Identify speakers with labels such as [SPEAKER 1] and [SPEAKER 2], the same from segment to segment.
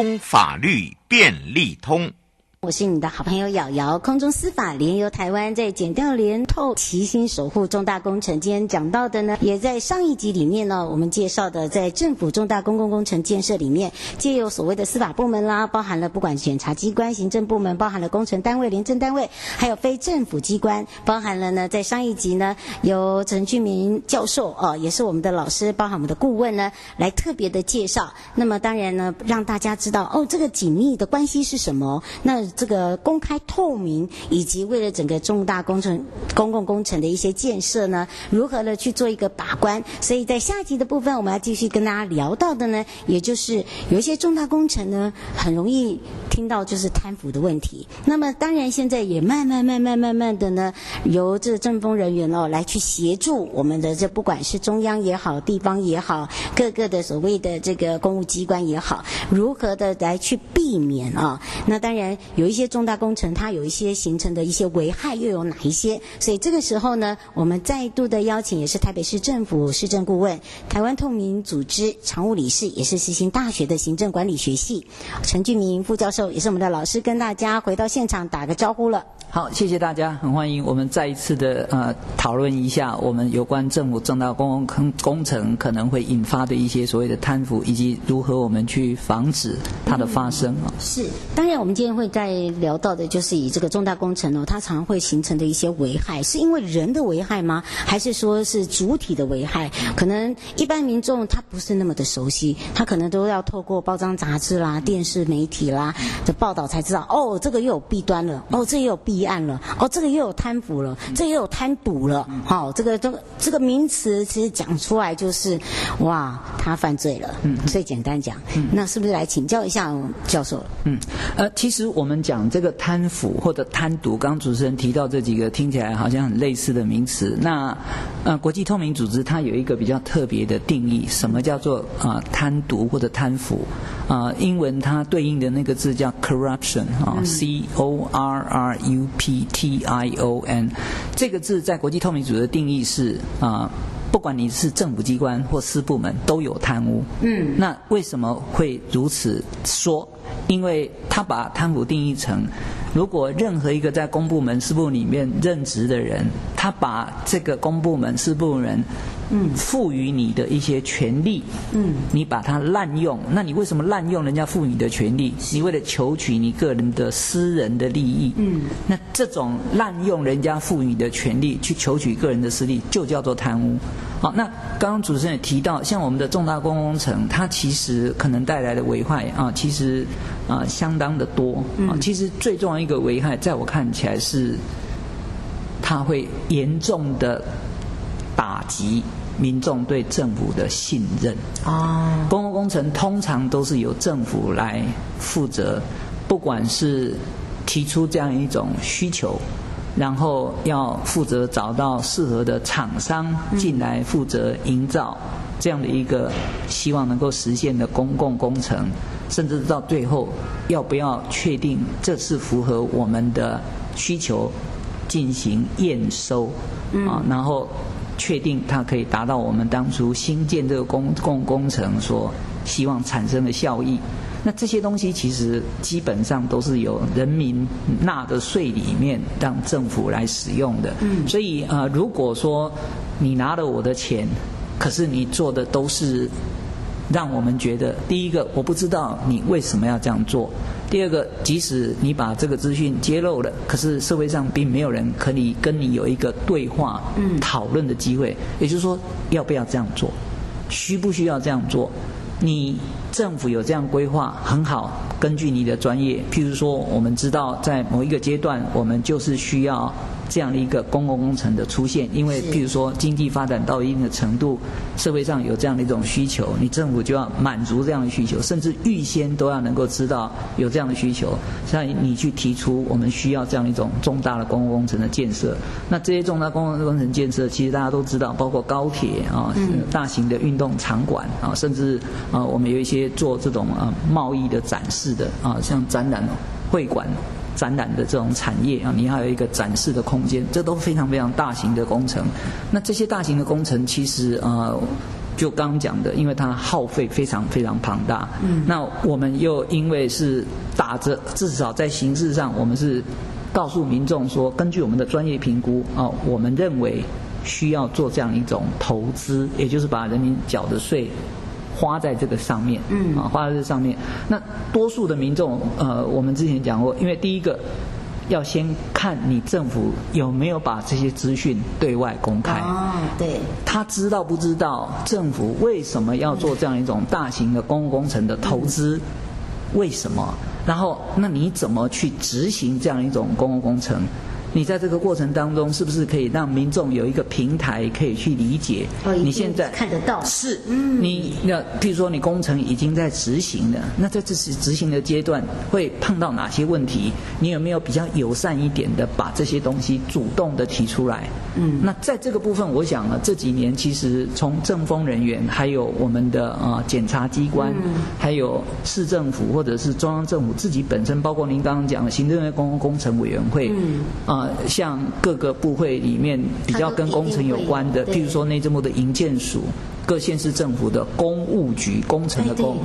[SPEAKER 1] 中法律便利通。我是你的好朋友瑤瑤。空中司法聯由台灣在檢調聯透，齊心守護重大工程。今天講到的呢，也在上一集裡面呢，我們介紹的在政府重大公共工程建設裡面，借由所謂的司法部門啦，包含了不管檢察機關、行政部門，包含了工程單位、廉政單位，還有非政府機關，包含了呢，在上一集呢，由陳俊明教授哦，也是我們的老師，包含我們的顧問呢，來特別的介紹。那麼當然呢，讓大家知道哦，這個緊密的關係是什麼？那這個公開透明，以及為了整個重大工程、公共工程的一些建設呢，如何的去做一個把關？所以在下一集的部分，我們要繼續跟大家聊到的呢，也就是有一些重大工程呢，很容易聽到就是貪腐的問題。那麼當然，現在也慢慢、慢慢、慢慢的呢，由這政風人員哦來去協助我們的這，不管是中央也好，地方也好，各個的所謂的這個公務機關也好，如何的來去避免啊、哦？那當然。有一些重大工程，它有一些形成的一些危害，又有哪一些？所以這個時候呢，我們再度的邀請，也是台北市政府市政顧問、台灣透明組織常務理事，也是世新大學的行政管理學系陳俊明副教授，也是我們的老師，跟大家回到現場打個招呼了。好，謝謝大家，
[SPEAKER 2] 很歡迎我們再一次的呃討論一下我們有關政府重大公共工程可能會引發的一些所謂的貪腐，以及如何我們去防止它的發生啊、嗯。
[SPEAKER 1] 是，當然我們今天會再聊到的就是以這個重大工程哦，它常會形成的一些危害，是因為人的危害嗎？還是說是主體的危害？可能一般民眾他不是那麼的熟悉，他可能都要透過報章雜誌啦、電視媒體啦的報道才知道，哦，這個又有弊端了，哦，這也、個、有弊端。哦這個立案了，哦，這個又有貪腐了，這又有貪瀆了，好，這個都這個名詞其實講出來就是，哇，他犯罪了，嗯，最簡單講，嗯，那是不是來請教一下教授？嗯，
[SPEAKER 2] 呃，其實我們講這個貪腐或者貪瀆，剛剛主持人提到這幾個聽起來好像很類似的名詞，那呃，國際透明組織它有一個比較特別的定義，什麼叫做啊貪瀆或者貪腐？啊、呃，英文它對應的那個字叫 corruption 啊、嗯、，C O R R U P T I O N。這個字在國際透明組織的定義是啊、呃，不管你是政府機關或私部門，都有貪污。嗯，那為什麼會如此說？因為他把貪腐定義成，如果任何一個在公部門、私部裡面任職的人，他把這個公部門、私部門嗯，賦予你的一些權利，嗯，你把它濫用，那你為什麼濫用人家賦予你的權利？是為了求取你個人的私人的利益，嗯，那這種濫用人家賦予你的權利去求取個人的私利，就叫做貪污。好，那剛剛主持人也提到，像我們的重大公共工程，它其實可能帶來的危害啊，其實啊相當的多啊。其實最重要一個危害，在我看起來是，它會嚴重的。及民眾對政府的信任。哦，公共工程通常都是由政府來負責，不管是提出這樣一種需求，然後要負責找到適合的廠商進來負責營造、嗯、這樣的一個希望能夠實現的公共工程，甚至到最後要不要確定這是符合我們的需求，進行驗收。嗯，啊、然後。確定它可以達到我們當初新建這個公共工程所希望產生的效益，那這些東西其實基本上都是由人民納的稅裡面，讓政府來使用的。嗯，所以呃，如果說你拿了我的錢，可是你做的都是讓我們覺得，第一個我不知道你為什麼要這樣做。第二個，即使你把這個資訊揭露了，可是社會上並沒有人可以跟你有一個對話、嗯、討論的機會。也就是說，要不要這樣做？需不需要這樣做？你政府有這樣規劃很好，根據你的專業，譬如說，我們知道在某一個階段，我們就是需要。這樣的一個公共工程的出現，因為譬如說經濟發展到一定的程度，社會上有這樣的一種需求，你政府就要滿足這樣的需求，甚至預先都要能夠知道有這樣的需求，像你去提出我們需要這樣一種重大的公共工程的建設。那這些重大公共工程建設，其實大家都知道，包括高鐵啊，大型的運動場館啊，甚至啊，我們有一些做這種啊貿易的展示的啊，像展覽會館。展覽的這種產業啊，你還有一個展示的空間，這都非常非常大型的工程。那這些大型的工程，其實呃，就剛剛講的，因為它耗費非常非常龐大。嗯。那我們又因為是打着至少在形式上，我們是告訴民眾說，根據我們的專業評估啊、呃，我們認為需要做這樣一種投資，也就是把人民繳的稅，花在這個上面，嗯，啊，花在這個上面。那多數的民眾，呃，我們之前講過，因為第一個，要先看你政府有沒有把這些資訊對外公開。哦，對。他知道不知道政府為什麼要做這樣一種大型的公共工程的投資？嗯，為什麼？然後，那你怎麼去執行這樣一種公共工程？你在這個過程當中，是不是可以讓民眾有一個平台可以去理解？你現在看得到是，嗯，你那，譬如說你工程已經在執行了，那在這次執行的階段會碰到哪些問題？你有沒有比較友善一點的把這些東西主動的提出來？嗯，那在這個部分，我想呢，這幾年其實從政風人員，還有我們的啊檢察機關，還有市政府或者是中央政府自己本身，包括您剛剛講的行政院公共工程委員會，嗯啊。像各個部會裡面比較跟工程有關的，譬如說內政部的營建署，各縣市政府的公務局，工程的工，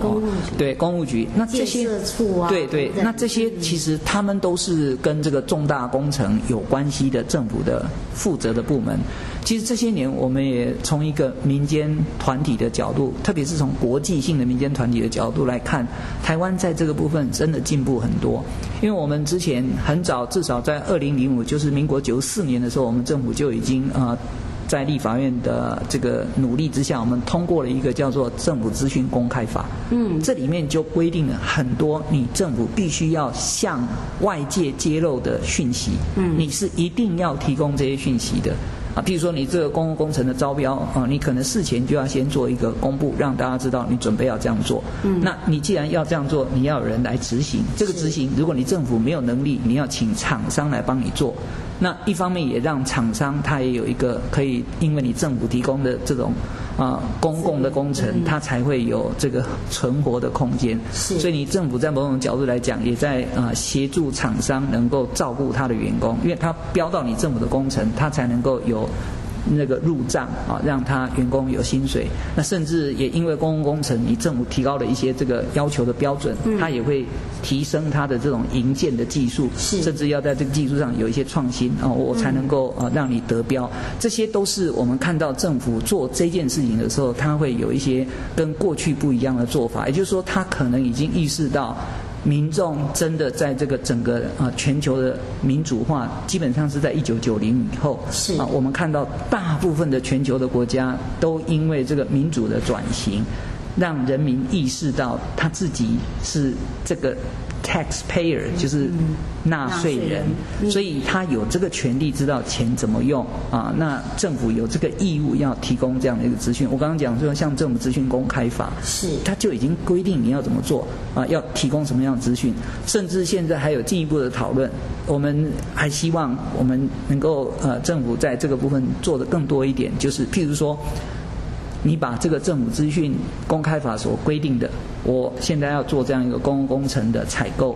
[SPEAKER 2] 對，對公務局，哦，公務局，建設處啊、那這
[SPEAKER 1] 些對對，那
[SPEAKER 2] 這些其實他們都是跟這個重大工程有關係的政府的負責的部門。其實這些年，我們也從一個民間團體的角度，特別是從國際性的民間團體的角度來看，台灣在這個部分真的進步很多。因為我們之前很早，至少在二零零五，就是民國九四年的時候，我們政府就已經啊、呃，在立法院的這個努力之下，我們通過了一個叫做《政府資訊公開法》。嗯，這裡面就規定了很多，你政府必須要向外界揭露的訊息，嗯，你是一定要提供這些訊息的。啊，譬如說你這個公共工程的招標，啊，你可能事前就要先做一個公布，讓大家知道你準備要這樣做。嗯，那你既然要這樣做，你要有人來執行。這個執行，如果你政府沒有能力，你要請廠商來幫你做。那一方面也讓廠商他也有一個可以，因為你政府提供的這種啊、呃、公共的工程，他才會有這個存活的空間。所以你政府在某種角度來講，也在啊、呃、協助廠商能夠照顧他的員工，因為他標到你政府的工程，他才能夠有。那個入賬啊，讓他員工有薪水。那甚至也因為公共工程，你政府提高了一些這個要求的標準，嗯、他也會提升他的這種營建的技術，甚至要在這個技術上有一些創新啊，我才能夠啊讓你得標、嗯。這些都是我們看到政府做這件事情的時候，他會有一些跟過去不一樣的做法。也就是說，他可能已經意識到。民眾真的在這個整個啊全球的民主化，基本上是在一九九零以後，是啊，我們看到大部分的全球的國家都因為這個民主的轉型。讓人民意識到他自己是這個 taxpayer，、嗯、就是納稅人,納稅人、嗯，所以他有這個權利知道錢怎麼用啊。那政府有這個義務要提供這樣的一個資訊。我剛剛講說，像政府資訊公開法，是他就已經規定你要怎麼做啊，要提供什麼樣的資訊，甚至現在還有進一步的討論。我們還希望我們能夠呃，政府在這個部分做得更多一點，就是譬如說。你把這個政府資訊公開法所規定的，我現在要做這樣一個公共工程的採購，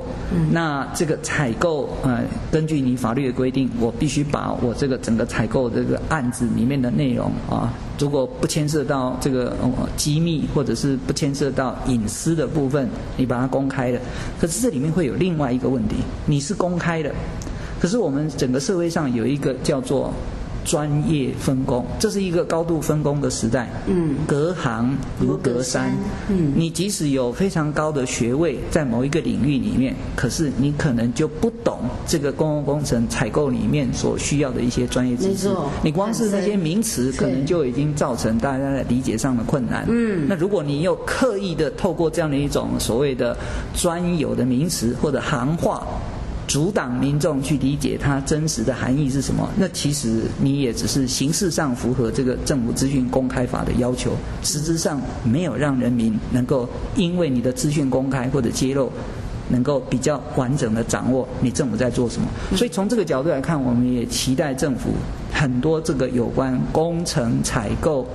[SPEAKER 2] 那這個採購呃根據你法律的規定，我必須把我這個整個採購這個案子裡面的內容啊，如果不牽涉到這個、呃、機密或者是不牽涉到隱私的部分，你把它公開了。可是這裡面會有另外一個問題，你是公開的，可是我們整個社會上有一個叫做。專業分工，這是一個高度分工的時代。
[SPEAKER 3] 嗯，
[SPEAKER 2] 隔行如隔山。嗯，你即使有非常高的學位，在某一個領域裡面，可是你可能就不懂這個公共工程採購裡面所需要的一些專業知識。沒錯，你光是那些名詞，可能就已經造成大家在理解上的困難。嗯，那如果你又刻意的透過這樣的一種所謂的專有的名詞或者行話。阻擋民眾去理解它真實的含義是什麼？那其實你也只是形式上符合這個政府資訊公開法的要求，實質上沒有讓人民能夠因為你的資訊公開或者揭露，能夠比較完整的掌握你政府在做什麼。所以從這個角度來看，我們也期待政府很多這個有關工程、採購。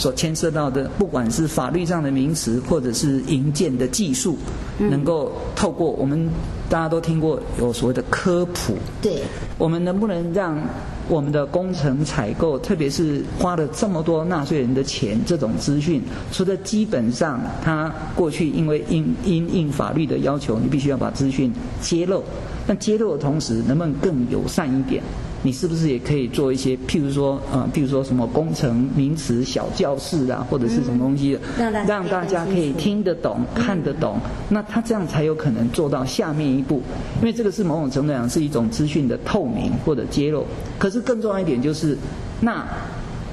[SPEAKER 2] 所牽涉到的，不管是法律上的名詞，或者是營建的技術，能夠透過我們大家都聽過有所謂的科普。對，我們能不能讓我們的工程採購，特別是花了這麼多納稅人的錢，這種資訊，除了基本上他過去因為應因應法律的要求，你必須要把資訊揭露，那揭露的同時，能不能更友善一點？你是不是也可以做一些，譬如說，呃，譬如說什麼工程名詞小教室啊、嗯，或者是什麼東西的，讓大家可以聽得懂、嗯、看得懂、嗯，那他這樣才有可能做到下面一步，因為這個是某種程度上是一種資訊的透明或者揭露。可是更重要一點就是，那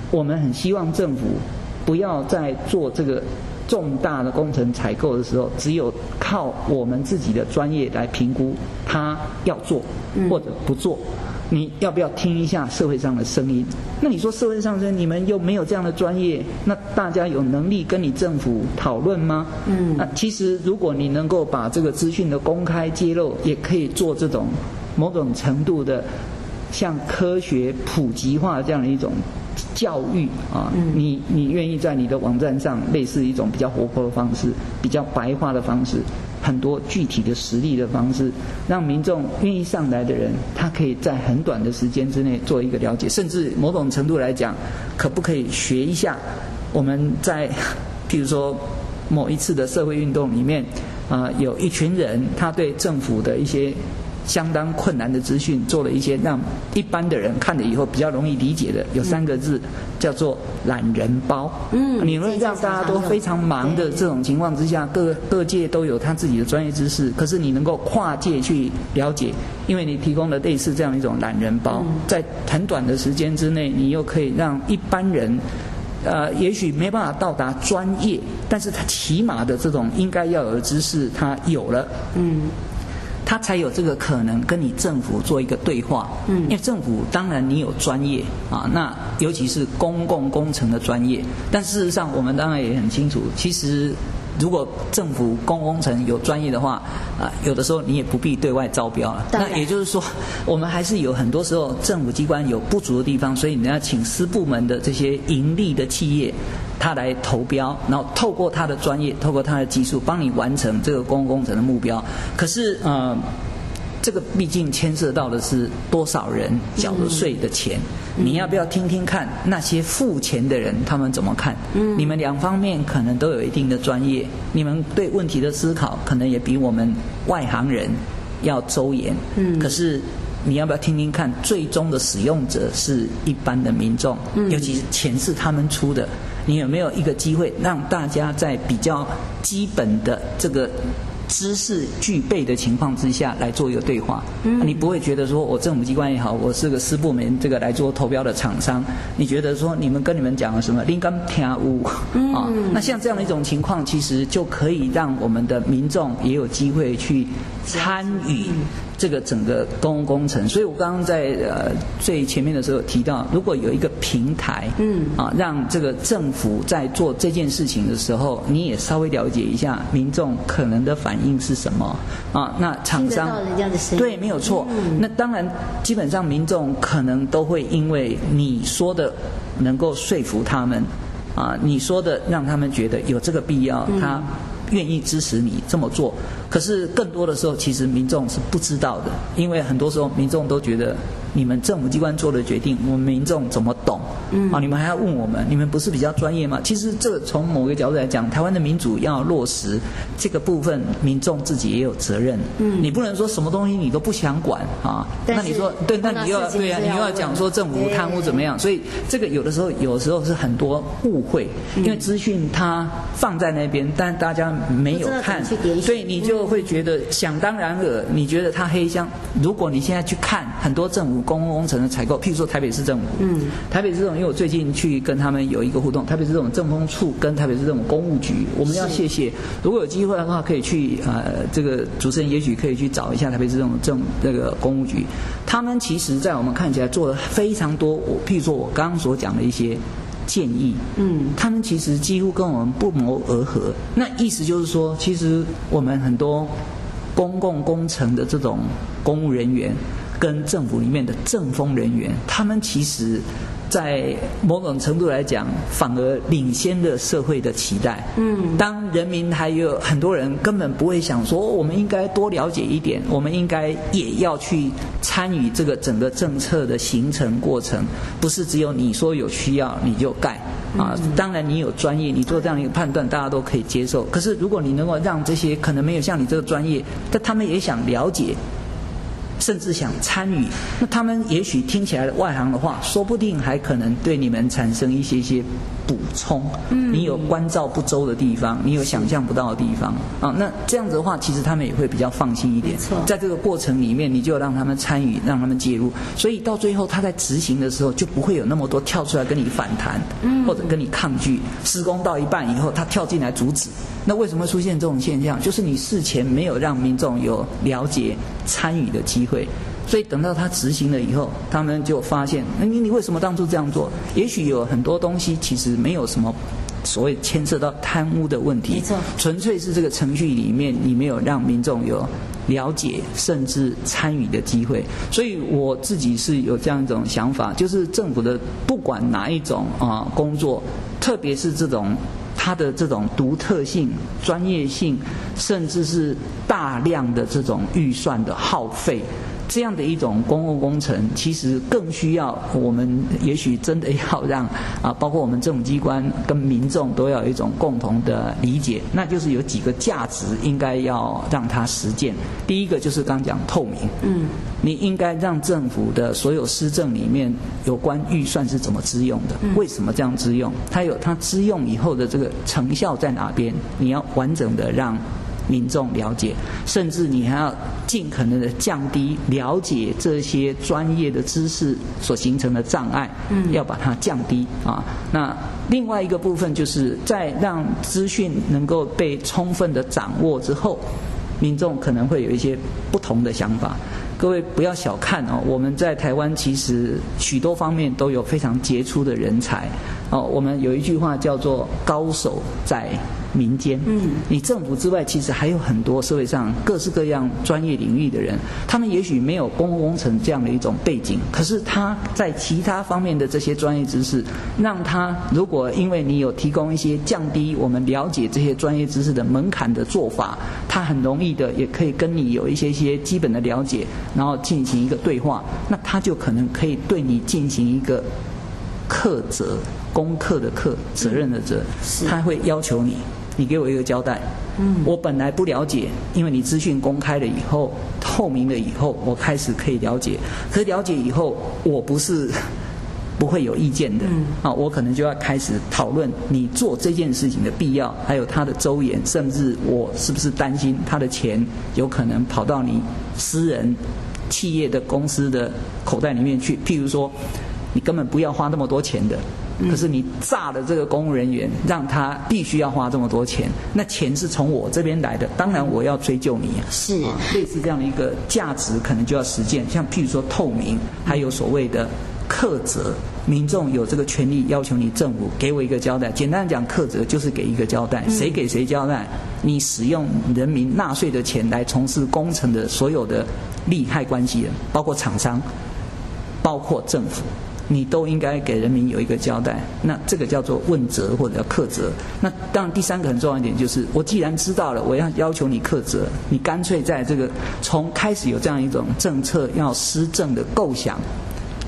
[SPEAKER 2] 我們很希望政府不要在做這個重大的工程採購的時候，只有靠我們自己的專業來評估他要做或者不做。嗯你要不要聽一下社會上的聲音？那你說社會上的聲音，你們又沒有這樣的專業，那大家有能力跟你政府討論嗎？嗯，那其實如果你能夠把這個資訊的公開揭露，也可以做這種某種程度的像科學普及化這樣的一種教育啊。嗯，你你願意在你的網站上，類似一種比較活潑的方式，比較白話的方式。很多具體的實例的方式，讓民眾願意上來的人，他可以在很短的時間之內做一個了解，甚至某種程度來講，可不可以學一下？我們在，譬如說，某一次的社會運動裡面，啊，有一群人，他對政府的一些。相當困難的資訊，做了一些讓一般的人看了以後比較容易理解的，有三個字、嗯、叫做“懶人包”。嗯，你可以讓大家都非常忙的這種情況之下，常常各各界都有他自己的專業知識，可是你能夠跨界去了解，因為你提供了類似這樣一種懶人包、嗯，在很短的時間之內，你又可以讓一般人，呃，也許沒辦法到達專業，但是他起碼的這種應該要有的知識，他有了。嗯。他才有這個可能跟你政府做一個對話，嗯，因為政府當然你有專業啊，那尤其是公共工程的專業，但事實上我們當然也很清楚，其實。如果政府公共工程有專業的話，啊、呃，有的時候你也不必對外招標了。那也就是說，我們還是有很多時候政府機關有不足的地方，所以你要請私部門的這些盈利的企業，他來投標，然後透過他的專業，透過他的技術，幫你完成這個公共工程的目標。可是，嗯、呃。這個畢竟牽涉到的是多少人繳的稅的錢，嗯嗯、你要不要聽聽看那些付錢的人他們怎麼看？嗯，你們兩方面可能都有一定的專業，你們對問題的思考可能也比我們外行人要周延。嗯，可是你要不要聽聽看，最終的使用者是一般的民眾、嗯，尤其是錢是他們出的，你有沒有一個機會讓大家在比較基本的這個？知識具備的情況之下來做一個對話，嗯，你不會覺得說我政府機關也好，我是個私部門這個來做投標的廠商，你覺得說你們跟你們講了什麼，恁敢聽無、嗯、啊？那像這樣的一種情況，其實就可以讓我們的民眾也有機會去參與。嗯這個整個公共工程，所以我剛剛在，呃，最前面的時候提到，如果有一個平台，嗯，啊，讓這個政府在做這件事情的時候，你也稍微了解一下民眾可能的反應是什麼啊。那廠商，對，沒有錯、嗯。那當然，基本上民眾可能都會因為你說的能夠說服他們，啊，你說的讓他們覺得有這個必要，嗯、他。願意支持你這麼做，可是更多的時候，其實民眾是不知道的，因為很多時候民眾都覺得。你們政府機關做的決定，我們民眾怎麼懂？嗯，啊，你們還要問我們？你們不是比較專業嗎？其實，這個從某個角度來講，台灣的民主要落實這個部分，民眾自己也有責任。嗯，你不能說什麼東西你都不想管啊？那你說對？那你又要，要對呀，啊，你又要講說政府貪污怎麼樣哎哎哎？所以這個有的時候，有時候是很多誤會，因為資訊它放在那邊，但大家沒有看，所、嗯、以你就會覺得，嗯、想當然爾，你覺得它黑箱。如果你現在去看很多政府。公共工程的採購，譬如說台北市政府。嗯，台北市政府，因為我最近去跟他們有一個互動，台北市政府政風處跟台北市政府公務局，我們要謝謝。如果有機會的話，可以去呃，這個主持人也許可以去找一下台北市政府政這個公務局，他們其實在我們看起來做了非常多，我譬如說我剛剛所講的一些建議，嗯，他們其實幾乎跟我們不謀而合。那意思就是說，其實我們很多公共工程的這種公務人員。跟政府裡面的政風人員，他們其實，在某種程度來講，反而領先了社會的期待。嗯，當人民還有很多人根本不會想說，我們應該多了解一點，我們應該也要去參與這個整個政策的形成過程，不是只有你說有需要你就蓋啊。當然，你有專業，你做這樣一個判斷，大家都可以接受。可是，如果你能夠讓這些可能沒有像你這個專業，但他們也想了解。甚至想參與，那他們也許聽起來的外行的話，說不定還可能對你們產生一些一些補充。嗯，你有關照不周的地方，你有想象不到的地方啊。那這樣子的話，其實他們也會比較放心一點。沒錯，在這個過程裡面，你就讓他們參與，讓他們介入。所以到最後，他在執行的時候就不會有那麼多跳出來跟你反彈，嗯，或者跟你抗拒。施工到一半以後，他跳進來阻止。那為什麼會出現這種現象？就是你事前沒有讓民眾有了解、參與的機會。會，所以等到他執行了以後，他們就發現，那你你為什麼當初這樣做？也許有很多東西其實沒有什麼所謂牽涉到貪污的問題，沒錯，純粹是這個程序裡面你沒有讓民眾有了解甚至參與的機會。所以我自己是有這樣一種想法，就是政府的不管哪一種啊工作，特別是這種。它的這種獨特性、專業性，甚至是大量的這種預算的耗費。這樣的一種公共工程，其實更需要我們，也許真的要讓啊，包括我們政府機關跟民眾都要有一種共同的理解，那就是有幾個價值應該要讓它實踐。第一個就是剛講透明，嗯，你應該讓政府的所有施政裡面有關預算是怎麼支用的，嗯，為什麼這樣支用？它有它支用以後的這個成效在哪邊？你要完整的讓。民眾了解，甚至你還要盡可能的降低了解這些專業的知識所形成的障礙，嗯，要把它降低、嗯、啊。那另外一個部分，就是在讓資訊能夠被充分的掌握之後，民眾可能會有一些不同的想法。各位不要小看哦，我們在台灣其實許多方面都有非常傑出的人才哦、啊。我們有一句話叫做“高手在”。民間，嗯，你政府之外，其實還有很多社會上各式各樣專業領域的人，他們也許沒有公共工程這樣的一種背景，可是他在其他方面的這些專業知識，讓他如果因為你有提供一些降低我們了解這些專業知識的門檻的做法，他很容易的也可以跟你有一些些基本的了解，然後進行一個對話，那他就可能可以對你進行一個課責，功課的課，責任的責，是他會要求你。你給我一個交代，
[SPEAKER 1] 嗯，我
[SPEAKER 2] 本來不了解，因為你資訊公開了以後、透明了以後，我開始可以了解。可是了解以後，我不是不會有意見的，嗯，啊，我可能就要開始討論你做這件事情的必要，還有它的周延，甚至我是不是擔心他的錢有可能跑到你私人企業的公司的口袋裡面去？譬如說，你根本不要花那麼多錢的。可是你炸了這個公務人員、嗯，讓他必須要花這麼多錢，那錢是從我這邊來的，當然我要追究你、啊。是、嗯啊、類似這樣的一個價值，可能就要實踐。像譬如說透明，還有所謂的課責，民眾有這個權利要求你政府給我一個交代。簡單講，課責就是給一個交代、嗯，誰給誰交代？你使用人民納稅的錢來從事工程的所有的利害關係人，包括廠商，包括政府。你都應該給人民有一個交代，那這個叫做問責或者叫課責。那當然，第三個很重要一點就是，我既然知道了，我要要求你課責，你乾脆在這個從開始有這樣一種政策要施政的構想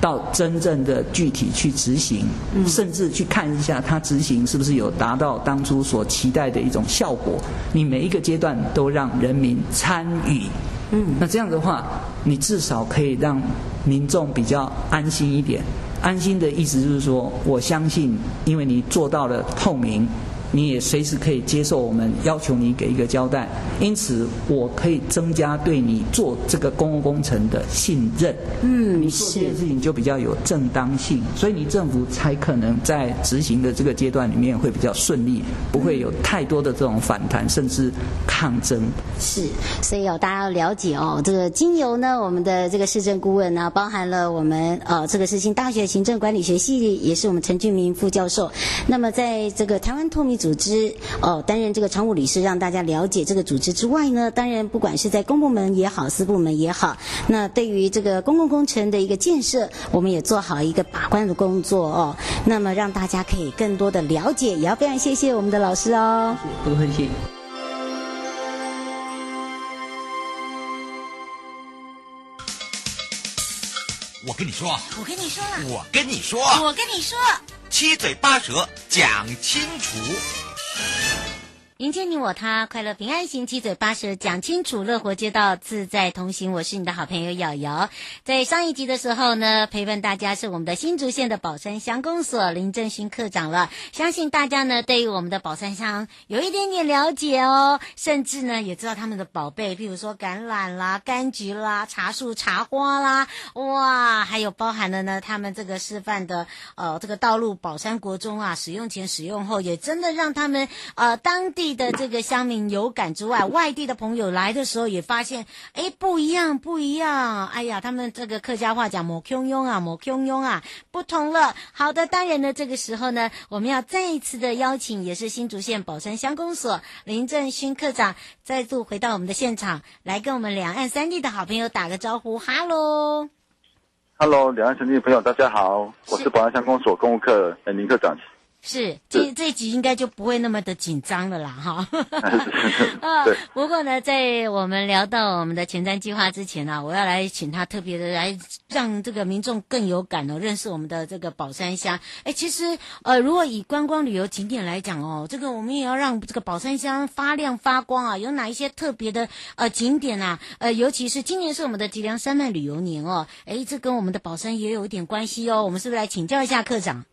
[SPEAKER 2] 到真正的具體去執行，甚至去看一下它執行是不是有達到當初所期待的一種效果。你每一個階段都讓人民參與，嗯，那這樣的話，你至少可以讓民眾比較安心一點。安心的意思就是說，我相信，因為你做到了透明。你也隨時可以接受我們要求你給一個交代，因此我可以增加對你做這個公共工程的信任。嗯，是你這件事情就比較有正當性，所以你政府才可能在執行的這個階段裡面會比較順利，嗯，不會有太多的這種反彈甚至抗爭。
[SPEAKER 1] 是，所以哦，大家要了解哦，這個經由呢，我們的這個市政顧問呢，啊，包含了我們呃、哦、這個世新大學行政管理學系也是我們陳俊明副教授。那麼在這個台灣透明組織哦，擔任這個常務理事，讓大家了解這個組織之外呢，當然不管是在公部門也好，私部門也好，那對於這個公共工程的一個建設，我們也做好一個把關的工作哦。那麼讓大家可以更多的了解，也要非常謝謝我們的老師哦。不客氣。我跟你說，我跟你說了，我跟你說，我跟你說。七嘴八舌，講清楚。營建你我他，快樂平安行，七嘴八舌講清楚，樂活街道自在同行。我是你的好朋友瑤瑤，在上一集的時候呢，陪伴大家是我們的新竹縣的寶山鄉公所林政勳課長了。相信大家呢，對於我們的寶山鄉有一點點了解哦，甚至呢，也知道他們的寶貝，譬如說橄欖啦、柑橘啦、茶樹茶花啦，哇，還有包含了呢，他們這個示範的呃這個道路寶山國中啊，使用前使用後，也真的讓他們呃當地。的這個鄉民有感之外，啊，外地的朋友來的時候也發現，哎，不一樣，不一樣，哎呀，他們這個客家話講“冇洶庸啊，冇洶庸啊”，不同了。好的，當然呢，這個時候呢，我們要再一次的邀請，也是新竹縣寶山鄉公所林政勳課長再度回到我們的現場，來跟我們兩岸三地的好朋友打個招呼，Hello
[SPEAKER 3] Hello，兩岸三地的朋友大家好，是我是寶山鄉公所公務課林課長。
[SPEAKER 1] 是，這這一集應該就不會那麼的緊張了啦，哈。啊、哦，不過呢，在我們聊到我們的前瞻計劃之前呢、啊，我要來請他特別的來讓這個民眾更有感哦，認識我們的這個寶山鄉。哎，其實呃，如果以觀光旅遊景點來講哦，這個我們也要讓這個寶山鄉發亮發光啊。有哪一些特別的呃景點啊？呃，尤其是今年是我們的吉良山脈旅遊年哦，哎，這跟我們的寶山也有一點關係哦。我們是不是來請教一下課長？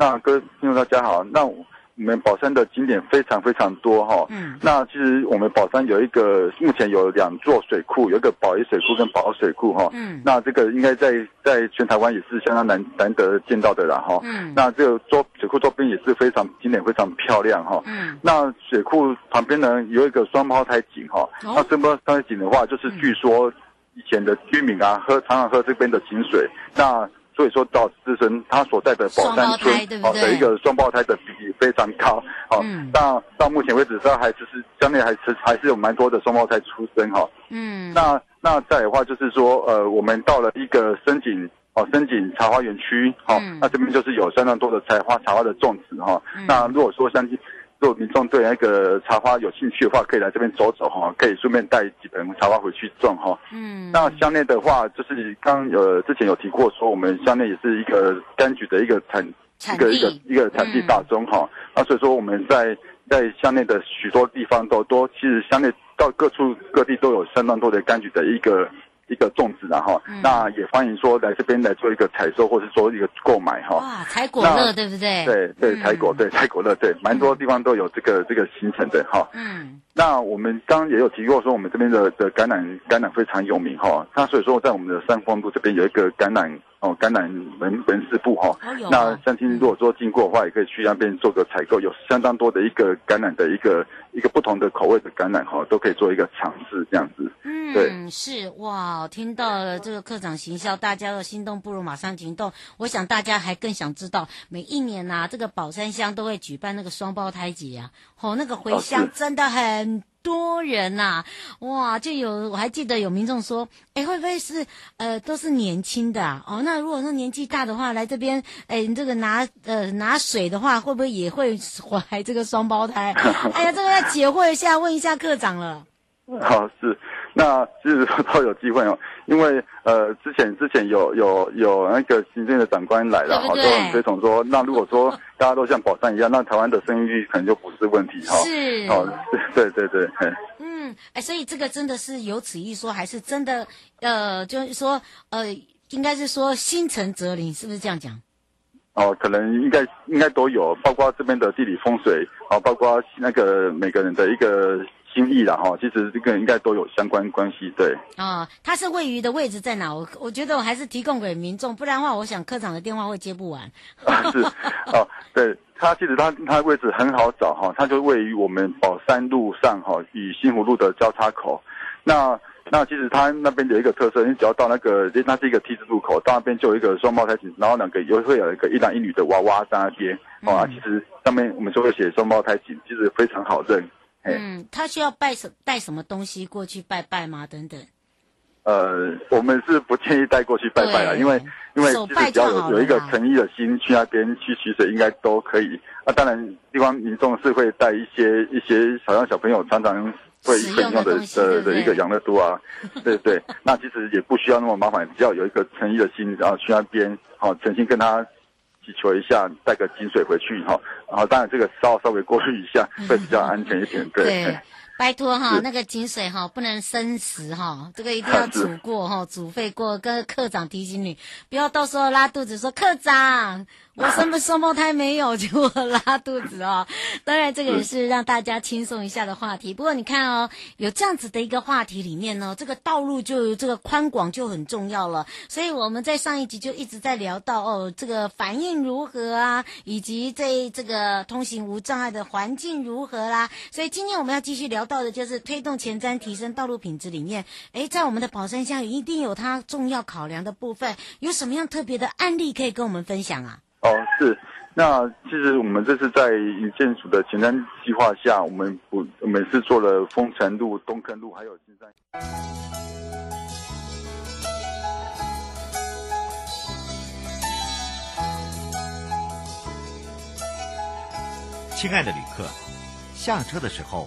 [SPEAKER 3] 那各位聽眾大家好。那我們寶山的景點非常非常多哈、哦。嗯。那其實我們寶山有一個，目前有兩座水庫，有一個寶一水庫跟寶二水庫哈、哦。嗯。那這個應該在在全台灣也是相當難難得見到的啦哈、哦。嗯。那這個坐水庫周邊也是非常景點，非常漂亮哈、哦。嗯。那水庫旁邊呢，有一個雙胞胎井哈、哦哦。那雙胞胎井的話，就是據說以前的居民啊，喝常常喝這邊的井水。那所以說到自身，他所在的寶山村，的、哦、一個雙胞胎的比例非常高，好、哦，那、嗯、到目前為止，他還就是相對還是還是有蠻多的雙胞胎出生哈、哦，嗯，那那再的話就是說，呃，我們到了一個深井，哦，深井茶花園區，好、哦，那、嗯啊、這邊就是有相當多的採花，茶花的種植哈、哦嗯，那如果說相信。若民眾對那個茶花有興趣的話，可以來這邊走走哈，可以順便帶幾盆茶花回去種哈。嗯，那鄉內的話，就是剛有之前有提過說，說我們鄉內也是一個柑橘的一個產一地，一個一個，一個產地大宗哈，嗯。那所以說我們在在鄉內的許多地方都都其實鄉內到各處各地都有相當多的柑橘的一個。一個種植然後，那也歡迎說來這邊來做一個採收，或者是做一個購買哈。哇，
[SPEAKER 1] 採果樂對不對？對
[SPEAKER 3] 對，採果對採果樂對，蠻多地方都有這個、嗯、這個行程的哈。嗯。那我們剛剛也有提過，說我們這邊的的橄欖橄欖非常有名哈、哦。那所以說，在我們的三光路這邊有一個橄欖哦，橄欖門市部哈、哦哦啊。那鄉親如果說經過的話，也可以去那邊做個採購，有相當多的一個橄欖的一個,、嗯、一,個一個不同的口味的橄欖哈，都可以做一個嘗試這樣子。
[SPEAKER 1] 對嗯，是哇，聽到了這個課長行銷，大家的心動不如馬上行動。我想大家還更想知道，每一年呢、啊，這個寶山鄉都會舉辦那個雙胞胎節啊。哦，那個回鄉真的很多人呐、啊哦，哇，就有我還記得有民眾說，哎、欸，會不會是呃都是年輕的啊？哦？那如果說年紀大的話來這邊，哎、欸，你這個拿呃拿水的話，會不會也會懷這個雙胞胎？ 哎呀，這個要解惑一下，問一下課長了。好、
[SPEAKER 3] 哦、是。那其實倒有機會哦，因為呃，之前之前有有有那個行政的長官來了、哦，哈，很多人推崇說，那如果說大家都像寶山一樣， 那台灣的生育率可能就不是問題哈、哦。是，哦，對對對對。嗯，哎、
[SPEAKER 1] 欸，所以這個真的是有此一說，還是真的？呃，就是說，呃，應該是說心誠則靈，是不是這樣講？
[SPEAKER 3] 哦，可能應該應該都有，包括這邊的地理風水，然、哦、包括那個每個人的一個。心意啦哈，其實這個應該都有相關關係。對
[SPEAKER 1] 啊，它、哦、是位於的位置在哪？我我覺得我還是提供給民眾，不然的話，我想課長的電話會接不完。 啊
[SPEAKER 3] 是，啊、哦、對，它其實它它位置很好找哈，它、哦、就位於我們寶、哦、山路上哈、哦，與新湖路的交叉口。那那其實它那邊有一個特色，你只要到那個，那是一個 T 字路口，到那邊就有一個雙胞胎井，然後兩個又會有一個一男一女的娃娃在那邊啊、嗯哦。其實上面我們就會寫雙胞胎井，就是非常好認。
[SPEAKER 1] 嗯，他需要拜什帶什麼東西過去拜拜嗎？等等。
[SPEAKER 3] 呃，我們是不建議帶過去拜拜啦，因為
[SPEAKER 1] 因為其實比較手拜只要有有一個
[SPEAKER 3] 誠意的心去那邊去取水，應該都可以。那、啊、當然，地方民眾是會帶一些一些好像小朋友常常會用使用的的的一個養樂多啊， 對對。那其實也不需要那麼麻煩，只要有一個誠意的心，然後去那邊，好、啊，誠心跟他。祈求一下，帶個井水回去哈，然後當然這個稍稍微過濾一下會比較安全一點，嗯，對。嗯
[SPEAKER 1] 拜託哈，那個井水哈不能生食哈，這個一定要煮過哈，煮沸過。跟課長提醒你，不要到時候拉肚子說。說課長，我生雙胞胎沒有就我拉肚子哦。當然這個也是讓大家輕鬆一下的話題。不過你看哦，有這樣子的一個話題裡面呢、哦，這個道路就這個寬廣就很重要了。所以我們在上一集就一直在聊到哦，這個反應如何啊，以及這這個通行無障礙的環境如何啦、啊。所以今天我們要繼續聊。到的就是推動前瞻提升道路品質裡面，哎，在我們的寶山鄉，一定有它重要考量的部分。有什麼樣特別的案例可以跟我們分享啊？
[SPEAKER 3] 哦，是，那其實我們這次在營建署的前瞻計劃下，我們我們是做了豐城路、東坑路，還有現在。親愛的旅客，下車的時候。